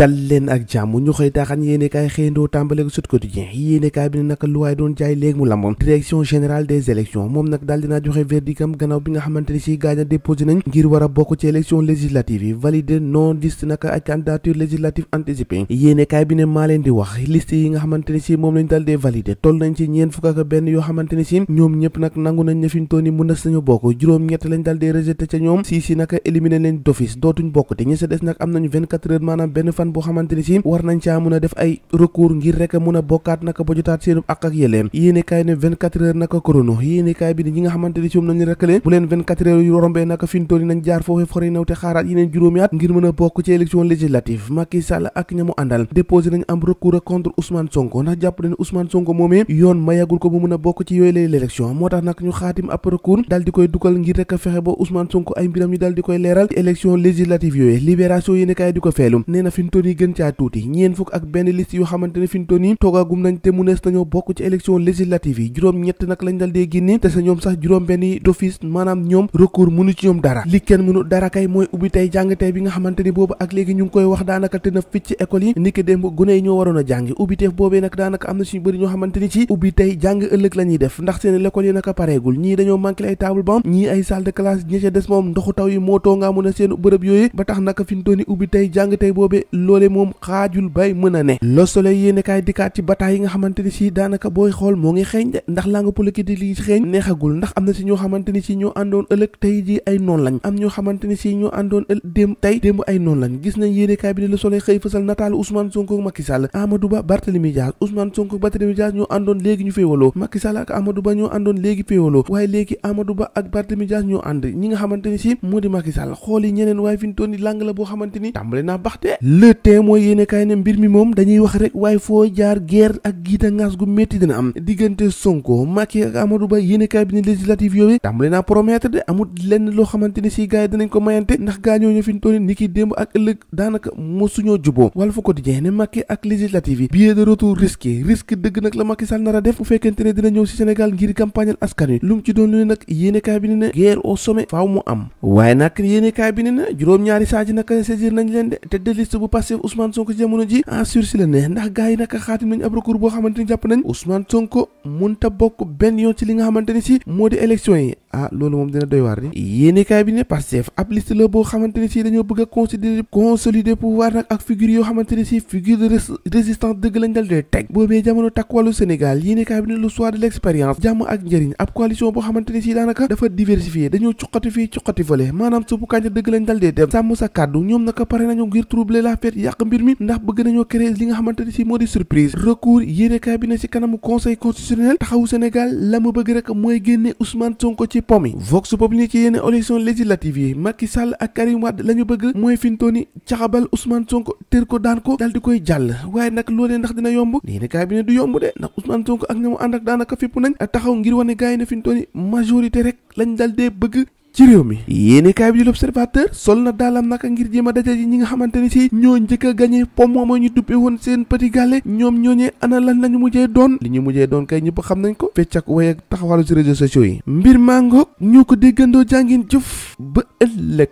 dal leen ak jàmm ñu xëy taaxaan xëyandoo tàmbale ko Sud Quotidien bi ne naka lu doon jaay léegi mu lamboon direction générale des élections moom nag daal dinaa joxe verdictam gannaaw bi nga xamante si gaañ a déposé nañ ngir war a bokk ci élection législative yi validé non liste naka ak candidature législative anticipée yéene bi ne maa leen di wax liste yi nga xamante si moom lañ daal dee toll nañ ci ñeen fukk benn yoo fan boo xamante ne war nañ caa mun a def ay recours ngir rek mun a bokkaat naka ba seenub ak ak yelleem yéene kaay ne 24 heures naka chrono yéene bi ne ñi am recours contre Ousmane Sonko ndax jàpp nañ Ousmane Sonko moomee yoon mayagul ko mu mun a bokk ci yooyu lay élection moo tax nag ñu xaatim ab recours dal di koy dugal ngir rek fexe ba Ousmane Sonko ay mbiram ñu dal di koy leeral ci élection yooyu libération yéene di ko fintoon yi gën caa tuuti ñeen fukk ak benn liste yoo xamante ne fintoon nañ te mënees nañoo bokk ci élection législative yi juróom ñett nag lañ dal dee te sa ñoom sax juróom benn yi d'office ñoom recours mënu ci ñoom dara li kenn mënu dara kay mooy ubbi tey jàng tey bi nga xamante boobu ak léegi ñu ngi koy wax daanaka te na fit ci école yi niki démb gune yi ñoo waroon a jàngi ubbi teef boobee nag daanaka am na suñu bëri ñoo xamante ni loole moom xaajul bay mën a ne Le Soleil yéen dikkaat ci bataay yi nga xamante ni si daanaka booy xool moo ngi xeeñ de ndax laa nga politique di lii xeeñ neexagul am na si ñoo xamante ni si ñoo àndoon ëllëg tey ji ay noon lañ am ñoo xamante si ñoo àndoon ëllëg démb tey démb ay noon lañ gis nañ yéen kaay bi di Le Soleil xëy fësal nataalu Ousmane Sonko Macky Sall Amadou Ba Barthélemy Dias Ousmane Sonko Barthélemy Dias ñoo ñu féewaloo Macky Sall ak Amadou Ba ñoo àndoon waaye léegi ak Barthélemy Dias ñoo ñi nga xamante ni si moo di Macky Sall xool yi ñeneen waaye fi ñu la boo xamante ni tàmbale naa baxte le témoin yéene kaay ne mbir mi moom dañuy wax rek waaye foo jaar guerre ak giita ngaas gu métti dina am diggante Sonko Macky ak Amadou Ba yéene kaay bi ne législative yooyu fi toll ni ki démb ak ëllëg daanaka mosuñoo juboo Walf Quotidien ne Macky ak législative yi billet de retour risqué risque dëgg nag la Macky Sall a def bu fekkente ne dina ñëw si Sénégal ngir campagnal askan wi na juróom-ñaari saa naka saisir nañ leen de te de bu pas Pastef Ousmane Sonko ci jamono ji en sursis la ne ndax gars yi naka xaatim nañ ab recours boo xamante jàpp nañ si moo di élection yi ah loolu moom dina doy waar ab si dañoo bëgg a considérer consolider pouvoir nag ak figure yoo xamante ni si figure de résistance dëgg lañ dal dee teg boobee jamono takk wàllu Sénégal yéenekaay bi ne le choix de l'expérience jàmm ak njëriñ ab coalition boo xamante ni daanaka dafa diversifié dañoo cuqati fii cuqati fële maanaam suppu kànja dëgg lañ dal dem sàmm sa kàddu ñoom naka pare nañu ngir troubler la paix yàq mbir mi ndax bëgg nañoo créer li nga xamante ne si moo di surprise recours yéenekaay bi ne si kanamu conseil constitutionnel taxawu Sénégal la mu bëgg rek mooy génne Ousmane Sonko ci po mi Vox Populi ci yenn élection législative yi Macky Sall ak Karim Wade la ñu bëgg mooy fintooni caxabal Ousmane Sonko tër ko daan ko dal di koy jàll waaye nag loole ndax dina yomb yéenekaay bi ne du yomb de ndax Ousmane Sonko ak ña mu ànd ak daanaka fépp nañ taxaw ngir wane gaay ne fintooni majorité rek lañ dal bëgg ci réew mi yéene kaay bi di l'observateur sol na daalam naka ngir jéema a yi ji ñi nga xamante ni si ñoo njëkk a gañe pom mooma ñu duppe woon seen petit gàlle ñoom ñooñee ana lan la ñu mujjee doon li ñu mujjee doon kay ñëpp xam nañ ko fecc ak way ak taxawalu si réseaux sociaux yi mbir mangoog ñoo ko déggandoo jàngin jëf ba ëllëg